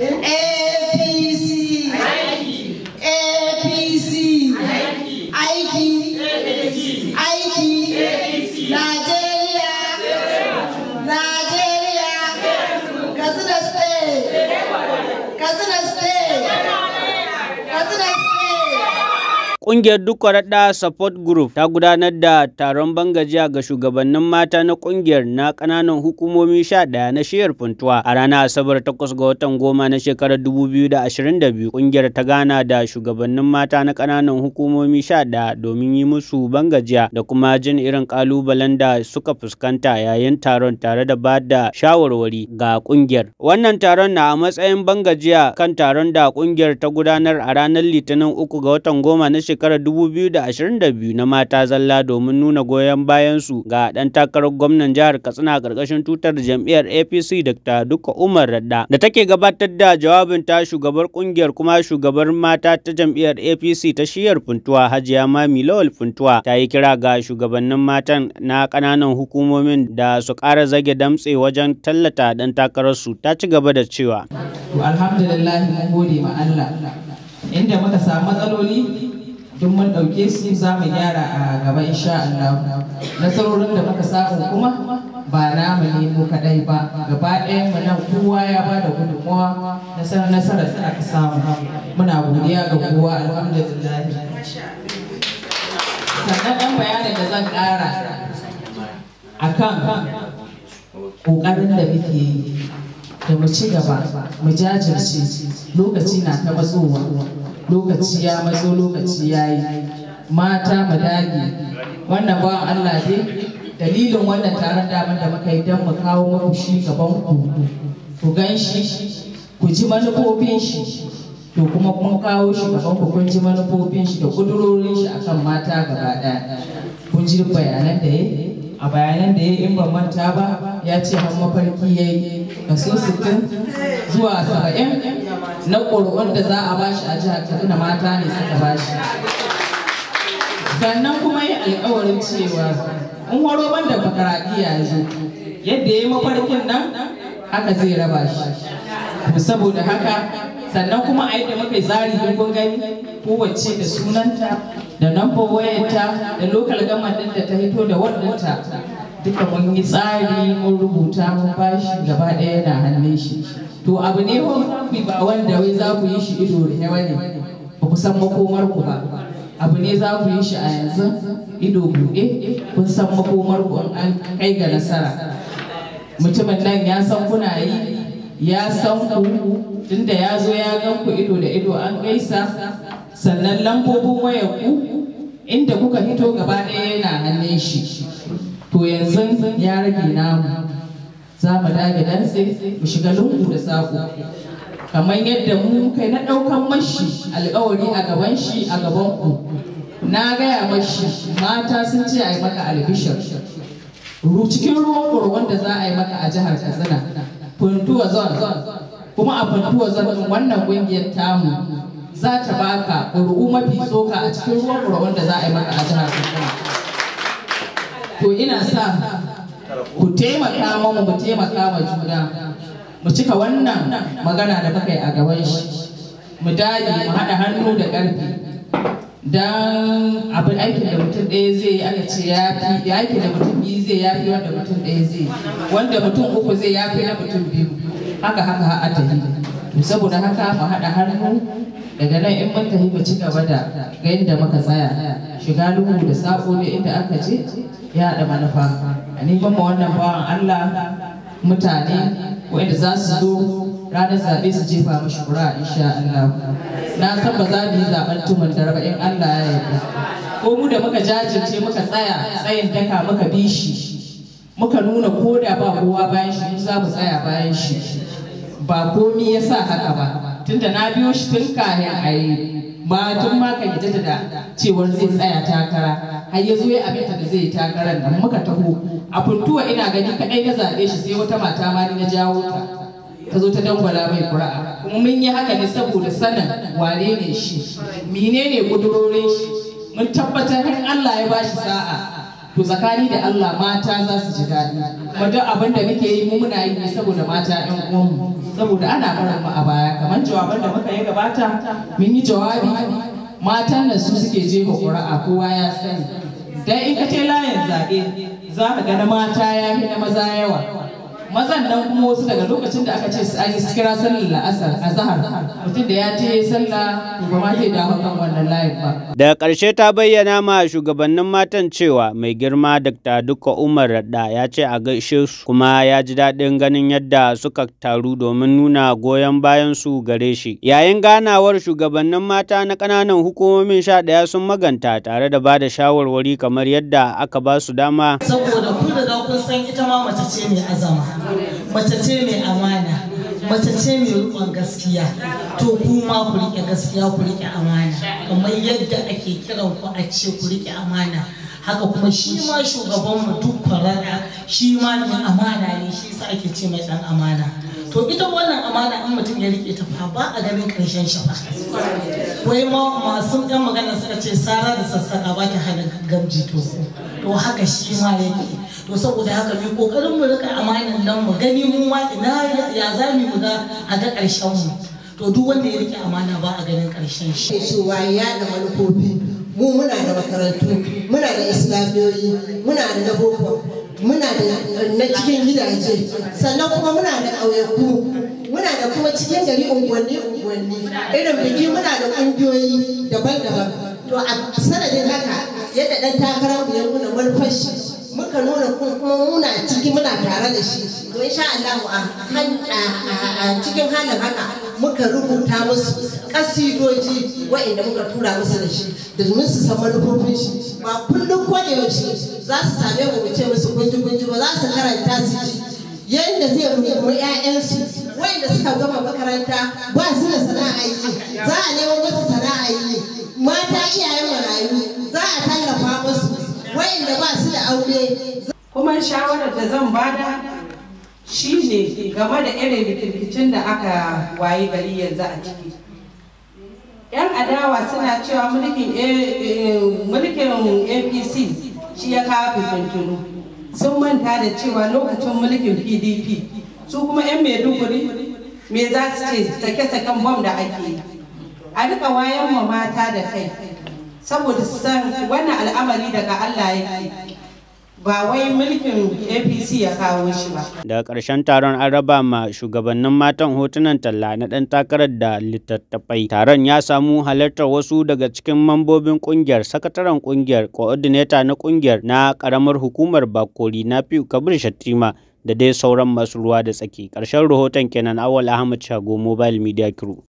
É. Ƙungiyar Dukwarada Support Group ta gudanar da taron bangajiya ga shugabannin mata na ƙungiyar na ƙananan hukumomi sha ɗaya na shiyar Funtuwa a ranar Asabar takwas ga watan goma na shekarar dubu biyu da da ashirin biyu Ƙungiyar ta gana da shugabannin mata na ƙananan hukumomi sha ɗaya domin yi musu bangajiya da kuma jin irin ƙalubalen da suka fuskanta yayin taron tare da ba da shawarwari ga ƙungiyar. Wannan taron na a matsayin bangajiya kan taron da ƙungiyar ta gudanar a ranar Litinin uku ga watan goma na shekarar shekarar 2022 na mata zalla domin nuna goyon bayansu ga ɗan takarar gwamnan jihar Katsina a ƙarƙashin tutar jam'iyyar APC Dr. Duka Umar Radda da take gabatar da jawabin ta shugabar ƙungiyar kuma shugabar mata ta jam'iyyar APC ta shiyar Funtuwa Hajiya Mami Lawal Funtuwa ta yi kira ga shugabannin matan na ƙananan hukumomin da su ƙara zage damtse wajen tallata ɗan takararsu ta ci gaba da cewa. alhamdulillah mun gode ma Allah inda muka samu matsaloli duk mun ɗauke su za mu gyara a gaba insha Allah nasarorin da muka samu kuma ba namu ne mu kadai ba gaba ɗayan mu nan kowa ya ba da gudunmawa nasarar nasarar da aka samu muna godiya ga kowa alhamdulillah sannan ɗan bayanin da zan ƙara akan ƙoƙarin da muke yi da mu ci gaba mu jajirce lokaci na ta matsowa lokaci ya mazo lokaci ya yi mata mu dage wannan ba Allah ne? dalilin wannan taron damar da muka yi don mu kawo muku shi gaban ku ku gan shi ku ji manufofin shi to kuma kun kawo shi gaban ku kun ji manufofin shi da kudurorin shi akan mata gaba ɗaya kun ji bayanan da ya a bayanan da ya in ban manta ba ya ce har mafarki ya yi kaso 60 zuwa 70 na ƙuri'un da za a bashi a jihar Kaduna mata ne suka bashi. Sannan kuma yi alƙawarin cewa in horo ban da ya zo yadda ya yi mafarkin nan aka zai raba shi. Saboda haka sannan kuma a yadda muka yi tsari kun gani kowace da sunanta da number wayarta da local gama da ta hito da waɗanta duka mun yi tsari mun rubuta mun bashi gaba ɗaya na hannun shi to abu ne wanda wai za ku yi shi ido ne ne ba ku san makomar ku ba abu ne za ku yi shi a yanzu ido buɗe kun san makomar ku an kai ga nasara mutumin nan ya san kuna yi ya san ku tunda ya zo ya gan ku ido da ido an gaisa sannan lambobin wayar ku inda kuka hito gaba ɗaya yana hannun shi to yanzu ya rage namu za mu dage sai mu shiga lungu da saku. kamar yadda mu kai na ɗaukan mashi alƙawari a gaban shi a gaban ku na gaya mashi mata sun ce a yi maka albishir cikin ruwan kurwan da za a yi maka a jihar katsina puntuwa zon kuma a puntuwa zon wannan ƙungiyar tamu za ta baka ƙuri'u mafi soka a cikin ruwan kurwan da za a yi maka a jihar katsina to ina sa ku taimaka mamu mu taimaka ma juna mu cika wannan magana da muka yi a gaban shi mu dage mu haɗa hannu da ƙarfi don abin aikin da mutum ɗaya zai yi aka ce ya fi aikin da mutum biyu zai ya fi wanda mutum ɗaya zai yi wanda mutum uku zai ya fi na mutum biyu haka haka a tafi to saboda haka mu haɗa hannu daga nan in mun tafi mu ci gaba da ga inda muka tsaya shiga lungu da sako ne inda aka je ya haɗa manufa ni ba ma wannan bawan Allah mutane wanda za su zo ranar zaɓe su jefa mashi kura insha Allah na san ba za mu yi zaɓen tumun da in Allah ya yarda ko mu da muka jajirce muka tsaya tsayin daka muka bi shi muka nuna ko da ba kowa bayan shi za mu tsaya bayan shi ba komi ya sa haka ba tunda na biyo shi tun kayan a yi ma tun ma yi da cewar zai tsaya takara har ya zo ya abinta da zai takarar nan muka taho a funtuwa ina gani kadai na zaɓe shi sai wata mata ma na jawo ta ta zo ta dangwala mai kura'a kuma mun yi haka ne saboda sanin wane ne shi menene kudurorin shi mun tabbatar in Allah ya bashi sa'a to tsakani da Allah mata za su ji daɗi kuma duk abin da muke yi mu muna yi saboda mata ƴan uwanmu saboda ana barin mu a baya kamar jawaban da muka yi gabata mun yi jawabi matan da su suke jefa ƙuri'a kowa ya sani dan in ka ce layin zaɓe za ka ga na mata ya fi na maza yawa mazan nan kuma wasu daga lokacin da aka ce an yi kira sallar la'asar a zahar mutum da ya je sallah ba ma zai dawo kan wannan layin ba. Daga ƙarshe ta bayyana ma shugabannin matan cewa mai girma Dr. Dukka Umar Radda ya ce a gaishe su kuma ya ji daɗin ganin yadda suka taru domin nuna goyon bayan su gare shi. Yayin ganawar shugabannin mata na ƙananan hukumomin sha ɗaya sun maganta tare da ba da shawarwari kamar yadda aka ba su dama. Saboda kun san ita ma mace ce mai azama mace ce mai amana mace ce mai rikon gaskiya to ku ma ku rike gaskiya ku rike amana kamar yadda ake kiran ku a ce ku rike amana haka kuma shi ma shugaban mu duk kwararra shi ma mai amana ne shi sa ake ce mai dan amana to ita wannan amana in mutum ya rike ta fa ba a ganin karshen shi ba wai ma masu yan magana suka ce sara da sassaka ba ta hana gamji to to haka shi ma yake to saboda haka mu kokarin mu rika amanan nan mu gani mu ma ina ya za mu ga a ga karshen mu to duk wanda ya rike amana ba a ganin karshen shi cewa ya da manufofi mu muna da makarantu muna da islamiyoyi muna da na muna da na cikin gidaje sannan kuma muna da ƙauyaku muna da kuma cikin gari unguwanni unguwanni irin biki muna da ƙungiyoyi daban-daban to a sanadin haka yadda ɗan takarar mu ya nuna manufar shi muka nuna kuma muna ciki muna tare da shi to insha Allah a cikin halin haka muka rubuta musu kasidoji wa'inda muka tura musu da shi da mun su san manufofin shi ba kullum ko da yaushe za su same mu mu ce musu kunji kunji ba za su karanta su ji yadda zai rubu 'ya'yansu wa'inda suka gama makaranta ba su da sana'a yi za a nemo musu sana'a yi mata iyayen marayu za a tallafa musu wa'inda ba su aure kuma shawarar da zan bada ne game da irin rikicin da aka wayi gari yanzu a ciki yan adawa suna cewa mulkin apc eh, shi ya kawo fitintunu sun manta da cewa lokacin mulkin pdp su kuma yan maiduguri me za su ce sake-saken bom da ake a duka wayan ma mata da kai saboda san wannan al'amari daga Allah yake ba wai mulkin apc ya kawo shi ba daga ƙarshen taron an raba ma shugabannin matan hotunan talla na ɗan takarar da littattafai taron ya samu halartar wasu daga cikin mambobin ƙungiyar sakataren ƙungiyar coordinator na ƙungiyar na ƙaramar hukumar bakori na fiu kabir shatima da dai sauran masu ruwa da tsaki karshen rahoton kenan awal ahmad shago mobile media crew